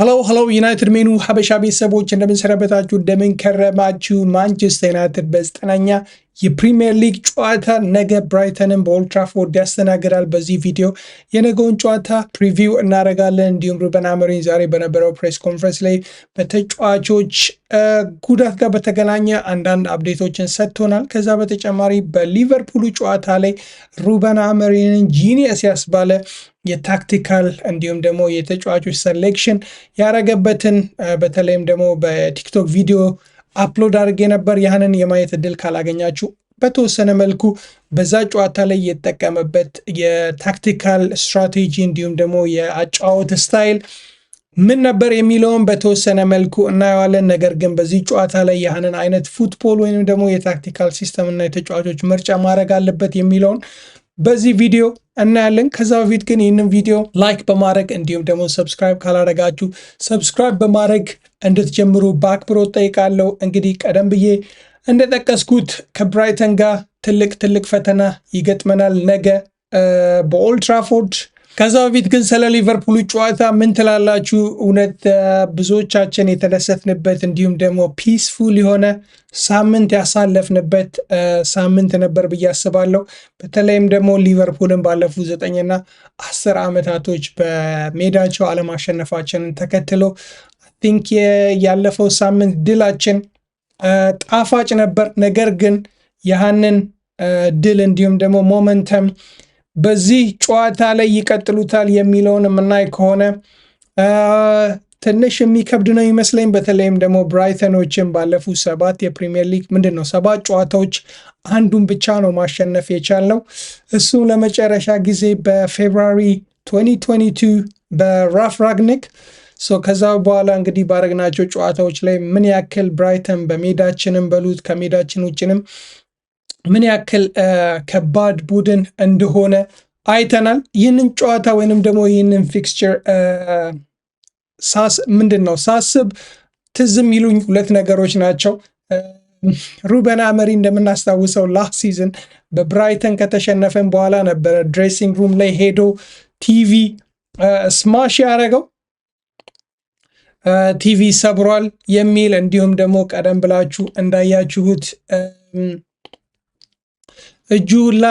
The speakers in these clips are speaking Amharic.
ሀለው ሀለው ዩናይትድ ሜኑ ሀበሻ ቤተሰቦች እንደምንሰነበታችሁ እንደምንከረማችሁ ከረማችሁ። ማንቸስተር ዩናይትድ በዘጠናኛ የፕሪሚየር ሊግ ጨዋታ ነገ ብራይተንን በኦልትራፎርድ ያስተናግዳል። በዚህ ቪዲዮ የነገውን ጨዋታ ፕሪቪው እናደርጋለን። እንዲሁም ሩበን አሞሪም ዛሬ በነበረው ፕሬስ ኮንፈረንስ ላይ በተጫዋቾች ጉዳት ጋር በተገናኘ አንዳንድ አፕዴቶችን ሰጥቶናል። ከዛ በተጨማሪ በሊቨርፑሉ ጨዋታ ላይ ሩበን አሞሪምን ጂኒየስ ያስባለ የታክቲካል እንዲሁም ደግሞ የተጫዋቾች ሰሌክሽን ያረገበትን በተለይም ደግሞ በቲክቶክ ቪዲዮ አፕሎድ አድርጌ ነበር። ያህንን የማየት እድል ካላገኛችሁ በተወሰነ መልኩ በዛ ጨዋታ ላይ የተጠቀመበት የታክቲካል ስትራቴጂ እንዲሁም ደግሞ የአጫወት ስታይል ምን ነበር የሚለውን በተወሰነ መልኩ እናየዋለን። ነገር ግን በዚህ ጨዋታ ላይ ያህንን አይነት ፉትቦል ወይም ደግሞ የታክቲካል ሲስተም እና የተጫዋቾች ምርጫ ማድረግ አለበት የሚለውን በዚህ ቪዲዮ እናያለን። ከዛ በፊት ግን ይህንን ቪዲዮ ላይክ በማድረግ እንዲሁም ደግሞ ሰብስክራይብ ካላደረጋችሁ ሰብስክራይብ በማድረግ እንድትጀምሩ በአክብሮት ጠይቃለሁ። እንግዲህ ቀደም ብዬ እንደጠቀስኩት ከብራይተን ጋር ትልቅ ትልቅ ፈተና ይገጥመናል ነገ በኦልድ ትራፎርድ ከዛ በፊት ግን ስለ ሊቨርፑሉ ጨዋታ ምን ትላላችሁ? እውነት ብዙዎቻችን የተደሰትንበት እንዲሁም ደግሞ ፒስፉል የሆነ ሳምንት ያሳለፍንበት ሳምንት ነበር ብዬ አስባለሁ። በተለይም ደግሞ ሊቨርፑልን ባለፉት ዘጠኝና አስር ዓመታቶች በሜዳቸው አለማሸነፋችንን ተከትሎ ቲንክ ያለፈው ሳምንት ድላችን ጣፋጭ ነበር። ነገር ግን ያህንን ድል እንዲሁም ደግሞ ሞመንተም በዚህ ጨዋታ ላይ ይቀጥሉታል የሚለውን የምናይ ከሆነ ትንሽ የሚከብድ ነው ይመስለኝ። በተለይም ደግሞ ብራይተኖችን ባለፉት ሰባት የፕሪሚየር ሊግ ምንድን ነው ሰባት ጨዋታዎች አንዱን ብቻ ነው ማሸነፍ የቻለው። እሱ ለመጨረሻ ጊዜ በፌብራሪ 2022 በራፍ ራግኒክ ከዛ በኋላ እንግዲህ ባረግናቸው ጨዋታዎች ላይ ምን ያክል ብራይተን በሜዳችንም በሉት ከሜዳችን ውጭንም ምን ያክል ከባድ ቡድን እንደሆነ አይተናል። ይህንን ጨዋታ ወይንም ደግሞ ይህንን ፊክስቸር ምንድን ነው ሳስብ ትዝ የሚሉኝ ሁለት ነገሮች ናቸው። ሩበን አመሪ እንደምናስታውሰው ላስት ሲዝን በብራይተን ከተሸነፈን በኋላ ነበረ ድሬሲንግ ሩም ላይ ሄዶ ቲቪ ስማሽ ያደረገው ቲቪ ሰብሯል የሚል እንዲሁም ደግሞ ቀደም ብላችሁ እንዳያችሁት እጁ ሁላ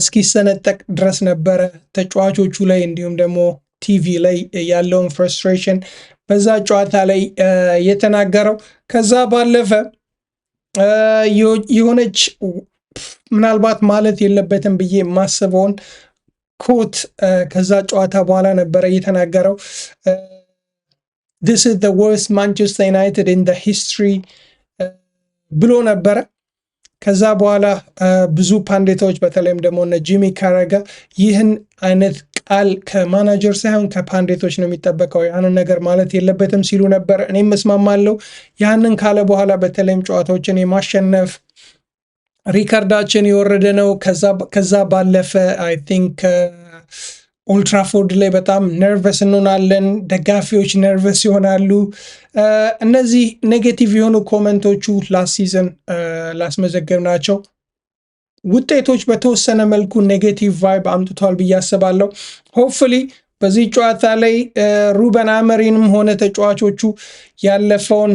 እስኪሰነጠቅ ድረስ ነበረ ተጫዋቾቹ ላይ እንዲሁም ደግሞ ቲቪ ላይ ያለውን ፍርስትሬሽን በዛ ጨዋታ ላይ የተናገረው። ከዛ ባለፈ የሆነች ምናልባት ማለት የለበትም ብዬ የማስበውን ኮት ከዛ ጨዋታ በኋላ ነበረ የተናገረው። ዲስ ኢዝ ዘ ወርስት ማንቸስተር ዩናይትድ ኢን ዘ ሂስትሪ ብሎ ነበረ። ከዛ በኋላ ብዙ ፓንዴታዎች በተለይም ደግሞ እነ ጂሚ ካረጋ ይህን አይነት ቃል ከማናጀር ሳይሆን ከፓንዴቶች ነው የሚጠበቀው፣ ያንን ነገር ማለት የለበትም ሲሉ ነበር። እኔም መስማማለው ያንን ካለ በኋላ በተለይም ጨዋታዎችን የማሸነፍ ሪከርዳችን የወረደ ነው። ከዛ ባለፈ አይ ቲንክ ኦልትራፎርድ ላይ በጣም ነርቨስ እንሆናለን። ደጋፊዎች ነርቨስ ይሆናሉ። እነዚህ ኔጌቲቭ የሆኑ ኮመንቶቹ ላስት ሲዝን ላስመዘገብ ናቸው ውጤቶች በተወሰነ መልኩ ኔጌቲቭ ቫይብ አምጥቷል ብዬ አስባለሁ። ሆፕፉሊ በዚህ ጨዋታ ላይ ሩበን አመሪንም ሆነ ተጫዋቾቹ ያለፈውን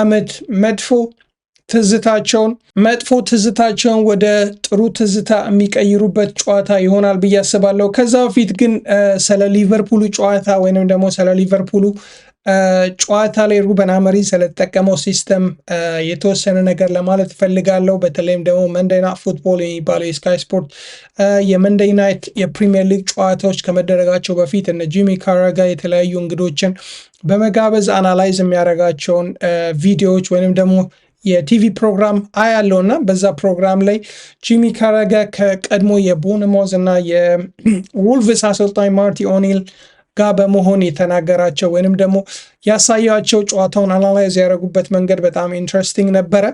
አመት መጥፎ ትዝታቸውን መጥፎ ትዝታቸውን ወደ ጥሩ ትዝታ የሚቀይሩበት ጨዋታ ይሆናል ብዬ አስባለሁ። ከዛ በፊት ግን ስለ ሊቨርፑሉ ጨዋታ ወይንም ደግሞ ስለ ሊቨርፑሉ ጨዋታ ላይ ሩበን ስለተጠቀመው ሲስተም የተወሰነ ነገር ለማለት እፈልጋለሁ። በተለይም ደግሞ መንደይ ናይት ፉትቦል የሚባለው የስካይ ስፖርት የመንደይ ናይት የፕሪሚየር ሊግ ጨዋታዎች ከመደረጋቸው በፊት እነ ጂሚ ካራጋ የተለያዩ እንግዶችን በመጋበዝ አናላይዝ የሚያደርጋቸውን ቪዲዮዎች ወይንም ደግሞ የቲቪ ፕሮግራም አያለው እና በዛ ፕሮግራም ላይ ጂሚ ካረገ ከቀድሞ የቦንሞዝ እና የውልቭስ አሰልጣኝ ማርቲ ኦኒል ጋር በመሆን የተናገራቸው ወይንም ደግሞ ያሳያቸው ጨዋታውን አናላይዝ ያደረጉበት መንገድ በጣም ኢንትረስቲንግ ነበረ።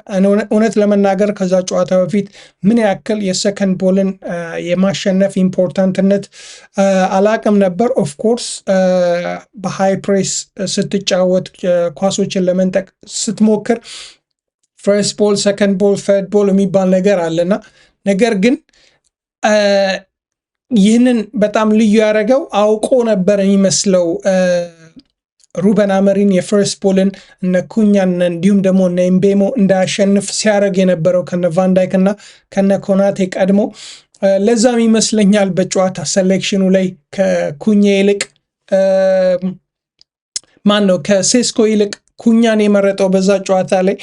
እውነት ለመናገር ከዛ ጨዋታ በፊት ምን ያክል የሰከንድ ቦልን የማሸነፍ ኢምፖርታንትነት አላቅም ነበር። ኦፍኮርስ በሃይ ፕሬስ ስትጫወት ኳሶችን ለመንጠቅ ስትሞክር ፈርስት ቦል፣ ሰከንድ ቦል፣ ፈርድ ቦል የሚባል ነገር አለና ነገር ግን ይህንን በጣም ልዩ ያደረገው አውቆ ነበር የሚመስለው ሩበን አመሪን የፈርስት ቦልን እነ ኩኛን እንዲሁም ደግሞ እነ ኢምቤሞ እንዳያሸንፍ ሲያደርግ የነበረው ከነ ቫንዳይክ እና ከነ ኮናቴ ቀድሞ ለዛም ይመስለኛል በጨዋታ ሴሌክሽኑ ላይ ከኩኜ ይልቅ ማን ነው ከሴስኮ ይልቅ ኩኛን የመረጠው በዛ ጨዋታ ላይ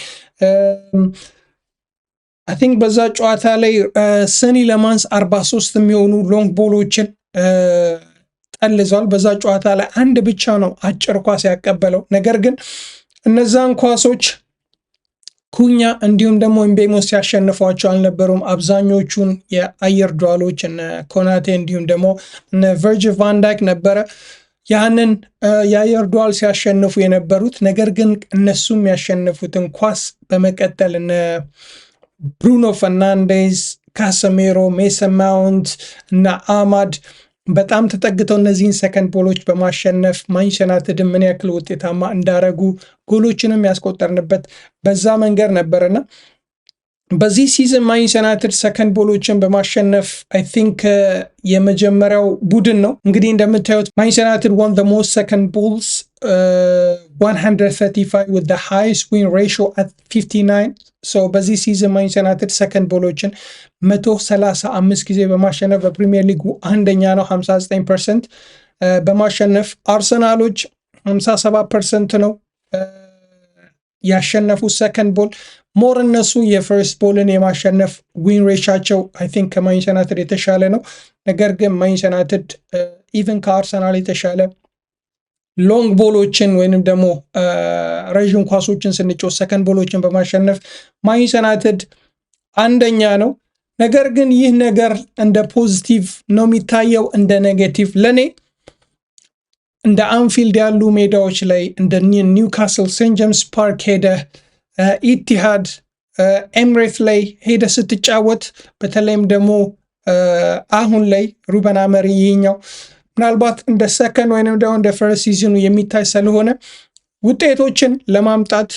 አይ ቲንክ በዛ ጨዋታ ላይ ሰኒ ለማንስ 43 የሚሆኑ ሎንግ ቦሎችን ጠልዟል። በዛ ጨዋታ ላይ አንድ ብቻ ነው አጭር ኳስ ያቀበለው። ነገር ግን እነዛን ኳሶች ኩኛ እንዲሁም ደግሞ ኤምቤሞ ሲያሸንፏቸው አልነበሩም። አብዛኞቹን የአየር ዷሎች እነ ኮናቴ እንዲሁም ደግሞ እነ ቨርጅ ቫንዳይክ ነበረ ያንን የአየር ዱዋል ሲያሸንፉ የነበሩት ነገር ግን እነሱም ያሸነፉትን ኳስ በመቀጠል እነ ብሩኖ ፈርናንዴዝ፣ ካሰሜሮ፣ ሜሰን ማውንት እና አማድ በጣም ተጠግተው እነዚህን ሰከንድ ቦሎች በማሸነፍ ማንቸስተር ዩናይትድን ምን ያክል ውጤታማ እንዳረጉ ጎሎችንም ያስቆጠርንበት በዛ መንገድ ነበርና በዚህ ሲዝን ማን ዩናይትድ ሰከንድ ቦሎችን በማሸነፍ አይ ቲንክ uh, የመጀመሪያው ቡድን ነው። እንግዲህ እንደምታዩት ማን ዩናይትድ ዋን ዘ ሞስት ሰከንድ ቦልስ 135 with the highest win ratio at 59 ሰው በዚህ ሲዝን ማን ዩናይትድ ሰከንድ ቦሎችን 135 ጊዜ በማሸነፍ በፕሪሚየር ሊጉ አንደኛ ነው 59 ፐርሰንት uh, በማሸነፍ አርሰናሎች 57 ፐርሰንት ነው። uh, ያሸነፉት ሰከንድ ቦል ሞር እነሱ የፈርስት ቦልን የማሸነፍ ዊን ሬሻቸው አይ ቲንክ ከማንቸስተር ዩናይትድ የተሻለ ነው። ነገር ግን ማንቸስተር ዩናይትድ ኢቨን uh, ከአርሰናል የተሻለ ሎንግ ቦሎችን ወይንም ደግሞ uh, ረዥም ኳሶችን ስንጮት ሰከንድ ቦሎችን በማሸነፍ ማንቸስተር ዩናይትድ አንደኛ ነው። ነገር ግን ይህ ነገር እንደ ፖዚቲቭ ነው የሚታየው እንደ ኔጌቲቭ ለእኔ እንደ አንፊልድ ያሉ ሜዳዎች ላይ እንደ ኒውካስል ሴንት ጀምስ ፓርክ ሄደ ኢቲሃድ ኤምሬት ላይ ሄደ ስትጫወት በተለይም ደግሞ አሁን ላይ ሩበን አመሪ ይህኛው ምናልባት እንደ ሰከንድ ወይም ደግሞ እንደ ፈረስ ሲዝኑ የሚታይ ስለሆነ ውጤቶችን ለማምጣት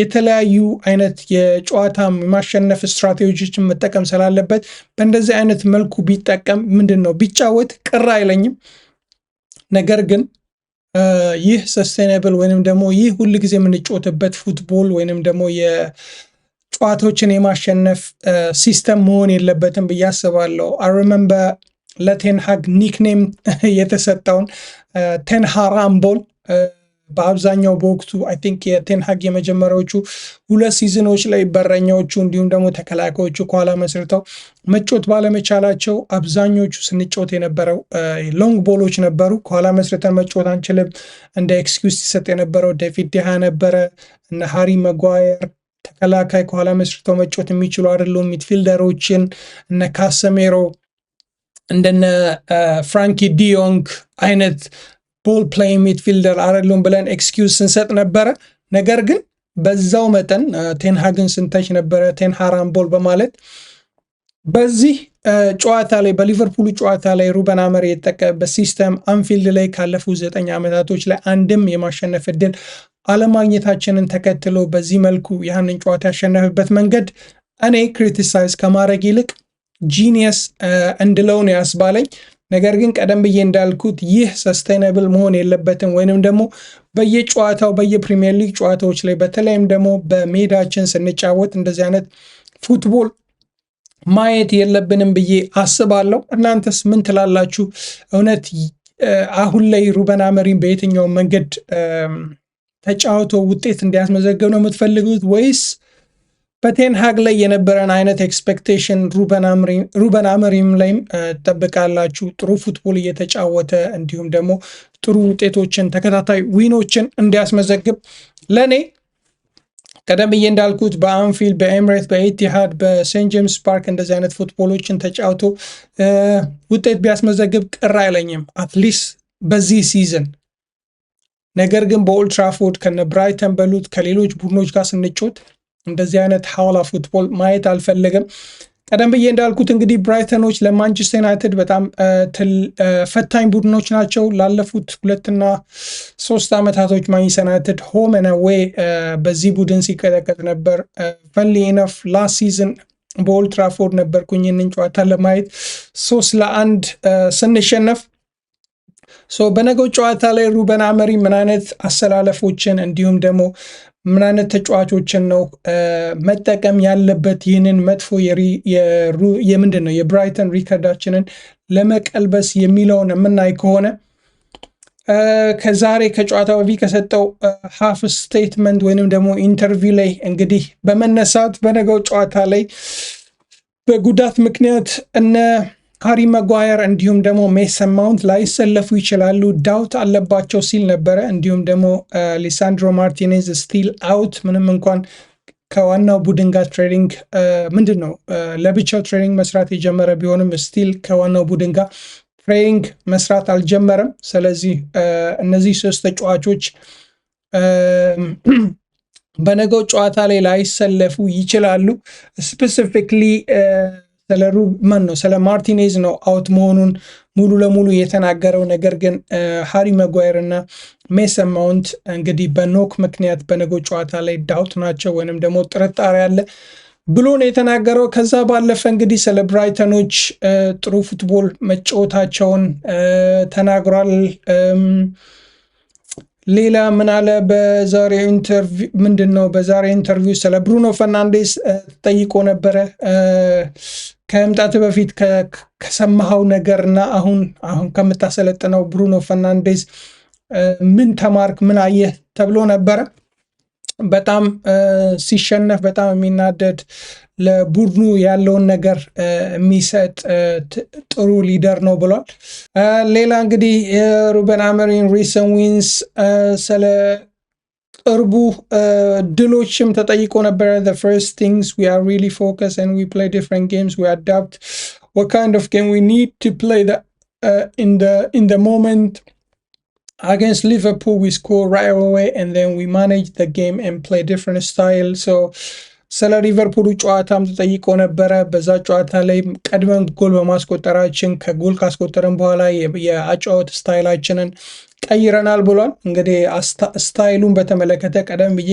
የተለያዩ አይነት የጨዋታ የማሸነፍ ስትራቴጂዎችን መጠቀም ስላለበት በእንደዚህ አይነት መልኩ ቢጠቀም ምንድን ነው ቢጫወት ቅር አይለኝም። ነገር ግን ይህ ሰስቴናብል ወይንም ደግሞ ይህ ጊዜ የምንጫወትበት ፉትቦል ወይንም ደግሞ የጨዋታዎችን የማሸነፍ ሲስተም መሆን የለበትም ብዬ አስባለሁ። አሪመምበ ለቴንሃግ ኒክኔም የተሰጠውን ቴንሃራምቦል በአብዛኛው በወቅቱ አይ ቲንክ የቴንሃግ የመጀመሪያዎቹ ሁለት ሲዝኖች ላይ በረኛዎቹ እንዲሁም ደግሞ ተከላካዮቹ ከኋላ መስርተው መጮት ባለመቻላቸው አብዛኞቹ ስንጮት የነበረው ሎንግ ቦሎች ነበሩ። ከኋላ መስርተን መጮት አንችልም እንደ ኤክስኪውስ ሲሰጥ የነበረው ዴቪድ ዲሃ ነበረ እና ሃሪ መጓየር ተከላካይ ከኋላ መስርተው መጮት የሚችሉ አይደሉም። ሚድፊልደሮችን እነ ካሰሜሮ እንደነ ፍራንኪ ዲዮንግ አይነት ቦል ፕላይ ሚድፊልደር አይደሉም ብለን ኤክስኪዝ ስንሰጥ ነበረ። ነገር ግን በዛው መጠን ቴንሃግን ስንተች ነበረ ቴንሃራን ቦል በማለት በዚህ ጨዋታ ላይ በሊቨርፑሉ ጨዋታ ላይ ሩበን አመር የተጠቀመበት ሲስተም አንፊልድ ላይ ካለፉት ዘጠኝ ዓመታቶች ላይ አንድም የማሸነፍ እድል አለማግኘታችንን ተከትሎ በዚህ መልኩ ያንን ጨዋታ ያሸነፍበት መንገድ እኔ ክሪቲሳይዝ ከማድረግ ይልቅ ጂኒየስ እንድለውን ያስባለኝ። ነገር ግን ቀደም ብዬ እንዳልኩት ይህ ሰስቴናብል መሆን የለበትም ወይንም ደግሞ በየጨዋታው በየፕሪሚየር ሊግ ጨዋታዎች ላይ በተለይም ደግሞ በሜዳችን ስንጫወት እንደዚህ አይነት ፉትቦል ማየት የለብንም ብዬ አስባለሁ። እናንተስ ምን ትላላችሁ? እውነት አሁን ላይ ሩበን አመሪን በየትኛው መንገድ ተጫውቶ ውጤት እንዲያስመዘገብ ነው የምትፈልጉት ወይስ በቴንሃግ ላይ የነበረን አይነት ኤክስፔክቴሽን ሩበን አመሪም ላይም ጠብቃላችሁ ጥሩ ፉትቦል እየተጫወተ እንዲሁም ደግሞ ጥሩ ውጤቶችን ተከታታይ ዊኖችን እንዲያስመዘግብ ለእኔ ቀደም ብዬ እንዳልኩት በአንፊልድ፣ በኤምሬት፣ በኢቲሃድ፣ በሴንት ጄምስ ፓርክ እንደዚህ አይነት ፉትቦሎችን ተጫውቶ ውጤት ቢያስመዘግብ ቅር አይለኝም አትሊስት በዚህ ሲዝን። ነገር ግን በኦልትራፎርድ ከነ ብራይተን በሉት ከሌሎች ቡድኖች ጋር ስንጮት እንደዚህ አይነት ሐዋላ ፉትቦል ማየት አልፈለገም። ቀደም ብዬ እንዳልኩት እንግዲህ ብራይተኖች ለማንቸስተር ዩናይትድ በጣም ፈታኝ ቡድኖች ናቸው። ላለፉት ሁለትና ሶስት ዓመታቶች ማንቸስተር ዩናይትድ ሆም እና ዌይ በዚህ ቡድን ሲቀጠቀጥ ነበር። ፈንሊ ኢነፍ ላስት ሲዝን በኦልትራፎርድ ነበርኩኝ ይህንን ጨዋታ ለማየት ሶስት ለአንድ ስንሸነፍ በነገው ጨዋታ ላይ ሩበን አመሪ ምን አይነት አሰላለፎችን እንዲሁም ደግሞ ምን አይነት ተጫዋቾችን ነው መጠቀም ያለበት? ይህንን መጥፎ የምንድን ነው የብራይተን ሪከርዳችንን ለመቀልበስ የሚለውን የምናይ ከሆነ ከዛሬ ከጨዋታ በፊት ከሰጠው ሀፍ ስቴትመንት ወይንም ደግሞ ኢንተርቪው ላይ እንግዲህ በመነሳት በነገው ጨዋታ ላይ በጉዳት ምክንያት እነ ሃሪ መጓየር እንዲሁም ደግሞ ሜሰን ማውንት ላይሰለፉ ይችላሉ፣ ዳውት አለባቸው ሲል ነበረ። እንዲሁም ደግሞ ሊሳንድሮ ማርቲኔዝ ስቲል አውት ምንም እንኳን ከዋናው ቡድን ጋር ትሬኒንግ ምንድን ነው ለብቻው ትሬኒንግ መስራት የጀመረ ቢሆንም ስቲል ከዋናው ቡድን ጋር ትሬኒንግ መስራት አልጀመረም። ስለዚህ እነዚህ ሶስት ተጫዋቾች በነገው ጨዋታ ላይ ላይሰለፉ ይችላሉ። ስፔሲፊክሊ ስለ ሩብመን ነው ስለ ማርቲኔዝ ነው አውት መሆኑን ሙሉ ለሙሉ የተናገረው። ነገር ግን ሃሪ መጓየር እና ሜሰን ማውንት እንግዲህ በኖክ ምክንያት በነገ ጨዋታ ላይ ዳውት ናቸው ወይንም ደግሞ ጥርጣሬ አለ ብሎ ነው የተናገረው። ከዛ ባለፈ እንግዲህ ስለ ብራይተኖች ጥሩ ፉትቦል መጫወታቸውን ተናግሯል። ሌላ ምን አለ? በዛሬ ኢንተርቪው ምንድን ነው በዛሬ ኢንተርቪው ስለ ብሩኖ ፈርናንዴስ ጠይቆ ነበረ። ከመምጣት በፊት ከሰማኸው ነገርና አሁን አሁን ከምታሰለጥነው ብሩኖ ፈርናንዴዝ ምን ተማርክ? ምን አየህ ተብሎ ነበረ። በጣም ሲሸነፍ በጣም የሚናደድ ለቡድኑ ያለውን ነገር የሚሰጥ ጥሩ ሊደር ነው ብሏል። ሌላ እንግዲህ ሩበን አመሪን ሪሰን ዊንስ ስለ እርቡ uh, ድሎችም ተጠይቆ ነበረ the first things we are really focused and we play different games we adapt what kind of game we need to play the, uh, in the in the moment against Liverpool we score right away and then we manage the game and play different style so ስለ ሊቨርፑሉ ጨዋታም ተጠይቆ ነበረ። በዛ ጨዋታ ላይ ቀድመን ጎል በማስቆጠራችን ከጎል ካስቆጠርን በኋላ የአጨዋወት ስታይላችንን ቀይረናል ብሏል። እንግዲህ ስታይሉን በተመለከተ ቀደም ብዬ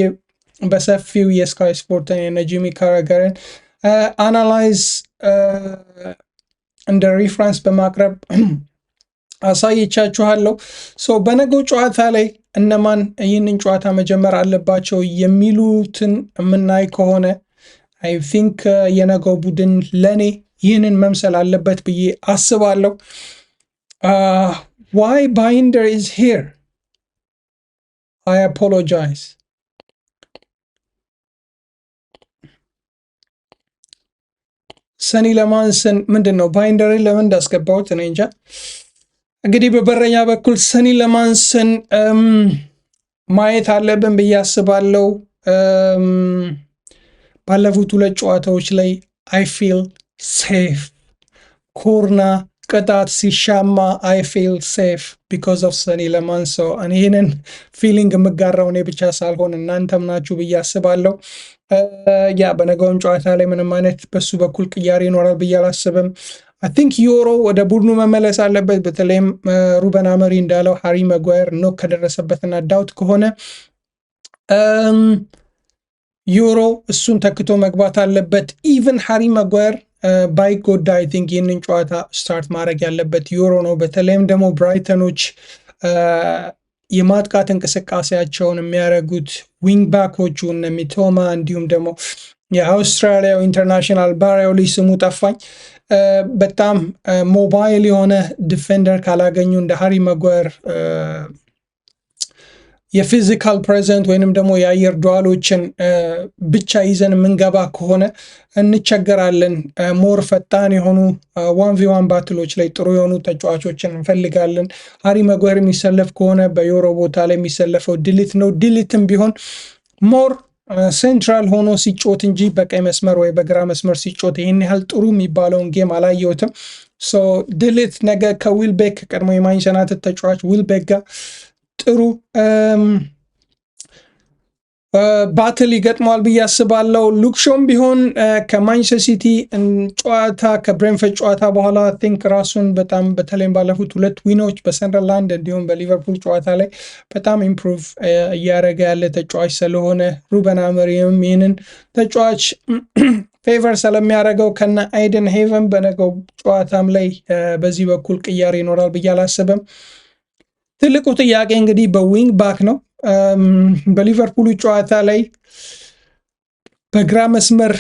በሰፊው የስካይ ስፖርትን የነ ጂሚ ካራገርን አናላይዝ እንደ ሪፍራንስ በማቅረብ አሳይቻችኋለሁ። በነገው ጨዋታ ላይ እነማን ይህንን ጨዋታ መጀመር አለባቸው የሚሉትን የምናይ ከሆነ አይ ቲንክ የነገው ቡድን ለእኔ ይህንን መምሰል አለበት ብዬ አስባለሁ። why binder is here? I apologize. ሰኔ ለማንሰን ምንድን ነው ባይንደሪ ለምን እንዳስገባሁት እኔ እንጃ። እንግዲህ በበረኛ በኩል ሰኒ ለማንሰን ማየት አለብን ብዬ አስባለሁ። ባለፉት ሁለት ጨዋታዎች ላይ አይ ፊል ሴፍ ኮርና ቅጣት ሲሻማ አይ ፊል ሴፍ ቢኮዝ ኦፍ ሰኒ ለማንሶ። ይህንን ፊሊንግ የምጋራው እኔ ብቻ ሳልሆን እናንተም ናችሁ ብዬ አስባለሁ። ያ በነገውም ጨዋታ ላይ ምንም አይነት በሱ በኩል ቅያሬ ይኖራል ብዬ አላስብም። አይ ቲንክ ዮሮ ወደ ቡድኑ መመለስ አለበት። በተለይም ሩበን አመሪ እንዳለው ሃሪ መጓየር ኖክ ከደረሰበትና ዳውት ከሆነ ዮሮ እሱን ተክቶ መግባት አለበት። ኢቨን ሃሪ መጓየር ባይጎዳ አይ ቲንክ ይህንን ጨዋታ ስታርት ማድረግ ያለበት ዩሮ ነው። በተለይም ደግሞ ብራይተኖች የማጥቃት እንቅስቃሴያቸውን የሚያደርጉት ዊንግ ባኮቹ እነ ሚቶማ እንዲሁም ደግሞ የአውስትራሊያው ኢንተርናሽናል ባሪያው ልጅ ስሙ ጠፋኝ፣ በጣም ሞባይል የሆነ ዲፌንደር ካላገኙ እንደ ሀሪ መጓየር የፊዚካል ፕሬዘንት ወይንም ደግሞ የአየር ዱዋሎችን ብቻ ይዘን የምንገባ ከሆነ እንቸገራለን። ሞር ፈጣን የሆኑ ዋን ቪ ዋን ባትሎች ላይ ጥሩ የሆኑ ተጫዋቾችን እንፈልጋለን። ሃሪ መጓር የሚሰለፍ ከሆነ በዩሮ ቦታ ላይ የሚሰለፈው ድሊት ነው። ድሊትም ቢሆን ሞር ሴንትራል ሆኖ ሲጮት እንጂ በቀይ መስመር ወይ በግራ መስመር ሲጮት ይህን ያህል ጥሩ የሚባለውን ጌም አላየሁትም። ድሊት ነገ ከዊልቤክ ቀድሞ የማንቸስተር ዩናይትድ ተጫዋች ዊልቤክ ጋር ጥሩ ባትል ይገጥመዋል ብዬ አስባለሁ። ሉክሾም ቢሆን ከማንቸስተር ሲቲ ጨዋታ ከብሬንፈርድ ጨዋታ በኋላ ቲንክ ራሱን በጣም በተለይም ባለፉት ሁለት ዊኖች በሰንደርላንድ እንዲሁም በሊቨርፑል ጨዋታ ላይ በጣም ኢምፕሩቭ እያደረገ ያለ ተጫዋች ስለሆነ ሩበን አመሪም ይህንን ተጫዋች ፌቨር ስለሚያደርገው ከነ አይደን ሄቨን በነገው ጨዋታም ላይ በዚህ በኩል ቅያሬ ይኖራል ብዬ አላስብም። ትልቁ ጥያቄ እንግዲህ በዊንግ ባክ ነው። በሊቨርፑሉ ጨዋታ ላይ በግራ መስመር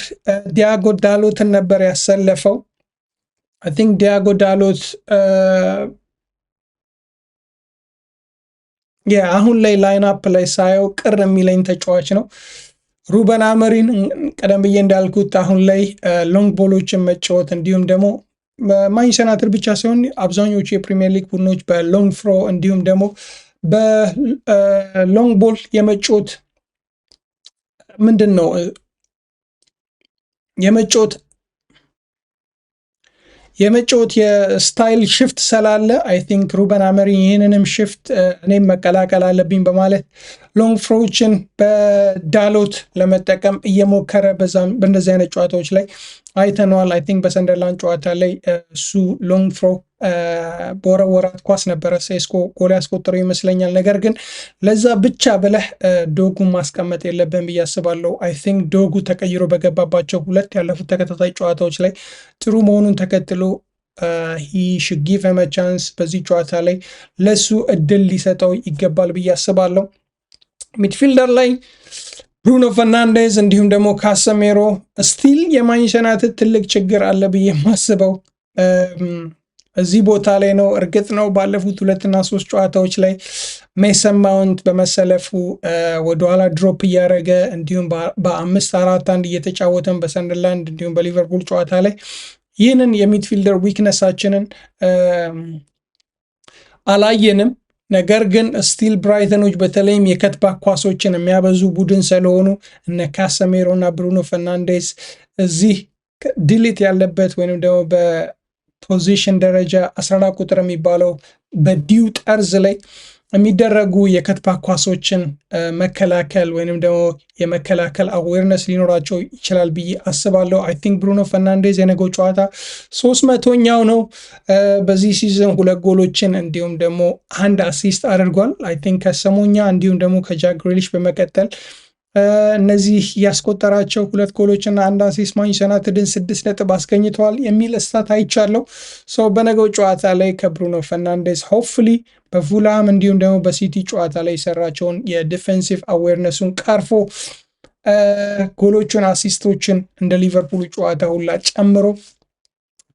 ዲያጎ ዳሎትን ነበር ያሰለፈው። አይ ቲንክ ዲያጎ ዳሎት አሁን ላይ ላይን ላይ ሳየው ቅር የሚለኝ ተጫዋች ነው። ሩበን አመሪን ቀደም ብዬ እንዳልኩት አሁን ላይ ሎንግ ቦሎችን መጫወት እንዲሁም ደግሞ ማንሸናትር ብቻ ሳይሆን አብዛኞቹ የፕሪሚየር ሊግ ቡድኖች በሎንግ ፍሮ እንዲሁም ደግሞ በሎንግ ቦል የመጮት ምንድን ነው የመጮት የመጫወት የስታይል ሽፍት ስላለ አይ ቲንክ ሩበን አመሪ ይህንንም ሽፍት እኔም መቀላቀል አለብኝ በማለት ሎንግ ፍሮችን በዳሎት ለመጠቀም እየሞከረ በእንደዚህ አይነት ጨዋታዎች ላይ አይተነዋል። አይ ቲንክ በሰንደርላንድ ጨዋታ ላይ እሱ ሎንግ ፍሮ በወረወራት ኳስ ነበረ ሴስኮ ጎል ያስቆጠረው ይመስለኛል። ነገር ግን ለዛ ብቻ ብለህ ዶጉን ማስቀመጥ የለብን ብዬ አስባለሁ። አይ ቲንክ ዶጉ ተቀይሮ በገባባቸው ሁለት ያለፉት ተከታታይ ጨዋታዎች ላይ ጥሩ መሆኑን ተከትሎ ሂሽጊፍ በዚህ ጨዋታ ላይ ለሱ እድል ሊሰጠው ይገባል ብዬ አስባለሁ። ሚድፊልደር ላይ ብሩኖ ፈርናንዴዝ እንዲሁም ደግሞ ካሰሜሮ ስቲል የማንቸስተር ዩናይትድ ትልቅ ችግር አለ ብዬ የማስበው እዚህ ቦታ ላይ ነው። እርግጥ ነው ባለፉት ሁለትና ሶስት ጨዋታዎች ላይ ሜሰን ማውንት በመሰለፉ ወደኋላ ድሮፕ እያደረገ እንዲሁም በአምስት አራት አንድ እየተጫወተን በሰንደርላንድ እንዲሁም በሊቨርፑል ጨዋታ ላይ ይህንን የሚድፊልደር ዊክነሳችንን አላየንም። ነገር ግን ስቲል ብራይተኖች በተለይም የከትባክ ኳሶችን የሚያበዙ ቡድን ስለሆኑ እነ ካሰሜሮ እና ብሩኖ ፈርናንዴስ እዚህ ድሊት ያለበት ወይም ደግሞ ፖዚሽን ደረጃ 14 ቁጥር የሚባለው በዲው ጠርዝ ላይ የሚደረጉ የከትባ ኳሶችን መከላከል ወይንም ደግሞ የመከላከል አዌርነስ ሊኖራቸው ይችላል ብዬ አስባለሁ። አይ ቲንክ ብሩኖ ፈርናንዴዝ የነገው ጨዋታ ሶስት መቶኛው ነው። በዚህ ሲዝን ሁለት ጎሎችን እንዲሁም ደግሞ አንድ አሲስት አድርጓል። አይ ቲንክ ከሰሞኛ እንዲሁም ደግሞ ከጃክ ግሪሊሽ በመቀጠል እነዚህ ያስቆጠራቸው ሁለት ጎሎችና አንድ አሲስት ማንቸስተር ዩናይትድን ስድስት ነጥብ አስገኝተዋል የሚል እስታት አይቻለው። ሰው በነገው ጨዋታ ላይ ከብሩኖ ፈርናንዴስ ሆፕፉሊ በፉልሃም እንዲሁም ደግሞ በሲቲ ጨዋታ ላይ የሰራቸውን የዲፌንሲቭ አዌርነሱን ቀርፎ ጎሎቹን፣ አሲስቶችን እንደ ሊቨርፑሉ ጨዋታ ሁላ ጨምሮ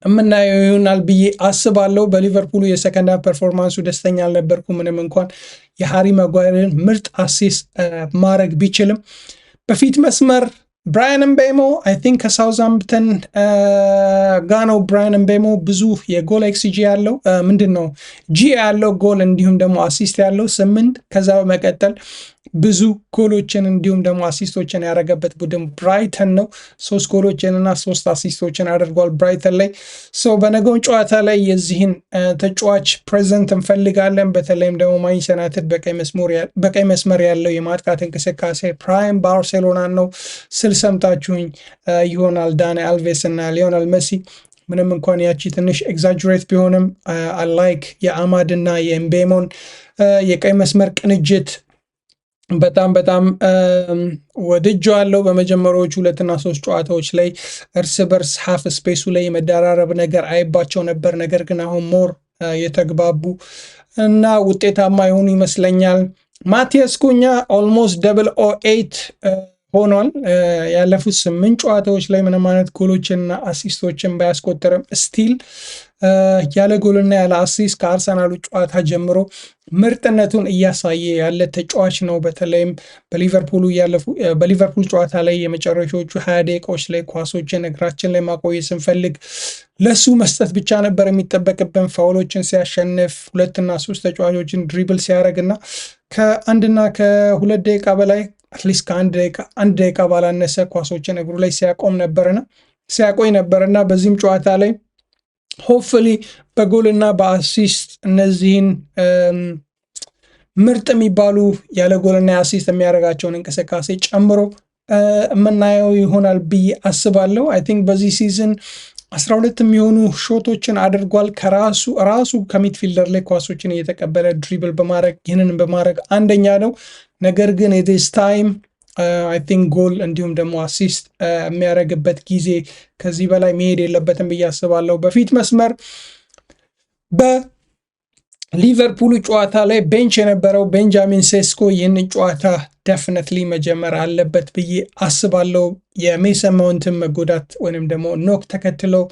የምናየው ይሆናል ብዬ አስባለሁ። በሊቨርፑሉ የሰከንዳ ፐርፎርማንሱ ደስተኛ አልነበርኩ ምንም እንኳን የሃሪ ማጓየርን ምርጥ አሲስ ማድረግ ቢችልም በፊት መስመር ብራያን ቤሞ አይ ቲንክ ከሳውዛምፕተን ጋ ነው። ብራያን ቤሞ ብዙ የጎል ኤክስጂ ያለው ምንድን ነው ጂ ያለው ጎል እንዲሁም ደግሞ አሲስት ያለው ስምንት ከዛ በመቀጠል ብዙ ጎሎችን እንዲሁም ደግሞ አሲስቶችን ያደረገበት ቡድን ብራይተን ነው። ሶስት ጎሎችንና ሶስት አሲስቶችን አድርጓል ብራይተን ላይ ሰው በነገው ጨዋታ ላይ የዚህን ተጫዋች ፕሬዘንት እንፈልጋለን። በተለይም ደግሞ ማንቸስተር ዩናይትድ በቀይ መስመር ያለው የማጥቃት እንቅስቃሴ ፕራይም ባርሴሎና ነው ስል ሰምታችሁኝ ይሆናል። ዳኒ አልቬስ እና ሊዮናል መሲ ምንም እንኳን ያቺ ትንሽ ኤግዛጅሬት ቢሆንም አላይክ የአማድ እና የኤምቤሞን የቀይ መስመር ቅንጅት በጣም በጣም ወድጄዋለሁ። በመጀመሪያዎቹ ሁለትና ሶስት ጨዋታዎች ላይ እርስ በርስ ሀፍ ስፔሱ ላይ የመደራረብ ነገር አይባቸው ነበር። ነገር ግን አሁን ሞር የተግባቡ እና ውጤታማ የሆኑ ይመስለኛል። ማቲያስ ኩኛ ኦልሞስት ደብል ኦ ኤይት ሆኗል። ያለፉት ስምንት ጨዋታዎች ላይ ምንም አይነት ጎሎችንና አሲስቶችን ባያስቆጠርም ስቲል ያለ ጎልና ያለ አሲስት ከአርሰናሉ ጨዋታ ጀምሮ ምርጥነቱን እያሳየ ያለ ተጫዋች ነው። በተለይም በሊቨርፑሉ በሊቨርፑል ጨዋታ ላይ የመጨረሻዎቹ ሀያ ደቂቃዎች ላይ ኳሶችን እግራችን ላይ ማቆየት ስንፈልግ ለሱ መስጠት ብቻ ነበር የሚጠበቅብን። ፋውሎችን ሲያሸንፍ ሁለትና ሶስት ተጫዋቾችን ድሪብል ሲያደርግ እና ከአንድና ከሁለት ደቂቃ በላይ አትሊስት ከአንድ ደቂቃ ባላነሰ ኳሶችን እግሩ ላይ ሲያቆም ነበርና ሲያቆይ ነበርና በዚህም ጨዋታ ላይ ሆፕፉሊ በጎልና በአሲስት እነዚህን ምርጥ የሚባሉ ያለ ጎልና የአሲስት የሚያደርጋቸውን እንቅስቃሴ ጨምሮ የምናየው ይሆናል ብዬ አስባለሁ። አይ ቲንክ በዚህ ሲዝን ሁለት የሚሆኑ ሾቶችን አድርጓል። ከራሱ ራሱ ከሚትፊልደር ላይ ኳሶችን እየተቀበለ ድሪብል በማድረግ ይህንን በማድረግ አንደኛ ነው። ነገር ግን ኢትስ ታይም አይ ቲንክ ጎል እንዲሁም ደግሞ አሲስት uh, የሚያደርግበት ጊዜ ከዚህ በላይ መሄድ የለበትም ብዬ አስባለሁ። በፊት መስመር በሊቨርፑሉ ጨዋታ ላይ ቤንች የነበረው ቤንጃሚን ሴስኮ ይህንን ጨዋታ ደፍነትሊ መጀመር አለበት ብዬ አስባለሁ። የሜሰን ማውንትን መጎዳት ወይም ደግሞ ኖክ ተከትለው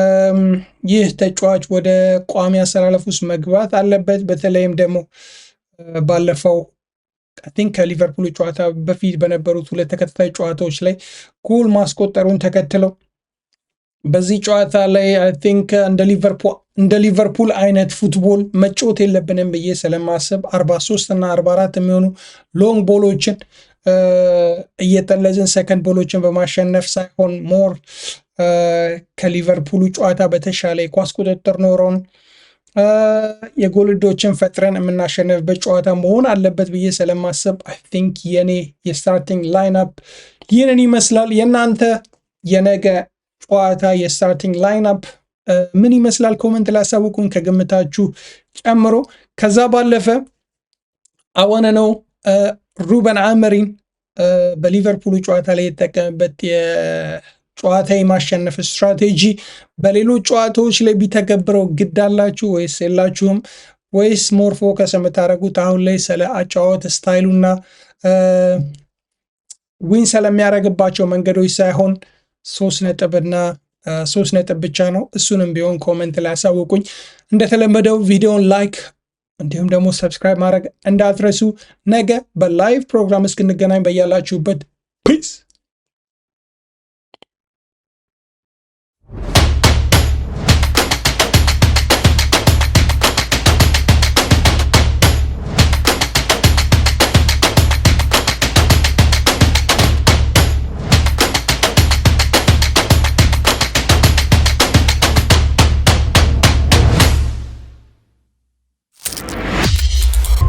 um, ይህ ተጫዋች ወደ ቋሚ አሰላለፍ ውስጥ መግባት አለበት። በተለይም ደግሞ uh, ባለፈው ቲንክ ከሊቨርፑል ጨዋታ በፊት በነበሩት ሁለት ተከታታይ ጨዋታዎች ላይ ጎል ማስቆጠሩን ተከትለው በዚህ ጨዋታ ላይ አይ ቲንክ እንደ ሊቨርፑል አይነት ፉትቦል መጫወት የለብንም ብዬ ስለማስብ 43 እና 44 የሚሆኑ ሎንግ ቦሎችን እየጠለዝን ሰከንድ ቦሎችን በማሸነፍ ሳይሆን ሞር ከሊቨርፑሉ ጨዋታ በተሻለ የኳስ ቁጥጥር ኖረውን የጎል ዕድሎችን ፈጥረን የምናሸንፍበት ጨዋታ መሆን አለበት ብዬ ስለማስብ አይ ቲንክ የኔ የስታርቲንግ ላይንፕ ይህንን ይመስላል። የእናንተ የነገ ጨዋታ የስታርቲንግ ላይንፕ ምን ይመስላል? ኮመንት ላሳውቁን ከግምታችሁ ጨምሮ። ከዛ ባለፈ አወነ ነው ሩበን አመሪን በሊቨርፑሉ ጨዋታ ላይ የተጠቀምበት ጨዋታ የማሸነፍ ስትራቴጂ በሌሎች ጨዋታዎች ላይ ቢተገብረው ግድ አላችሁ ወይስ የላችሁም? ወይስ ሞር ፎከስ የምታደርጉት አሁን ላይ ስለ አጨዋወት ስታይሉና ዊን ስለሚያደርግባቸው መንገዶች ሳይሆን ሶስት ነጥብና ሶስት ነጥብ ብቻ ነው። እሱንም ቢሆን ኮመንት ላይ አሳውቁኝ። እንደተለመደው ቪዲዮን ላይክ እንዲሁም ደግሞ ሰብስክራይብ ማድረግ እንዳትረሱ። ነገ በላይቭ ፕሮግራም እስክንገናኝ በያላችሁበት ፒስ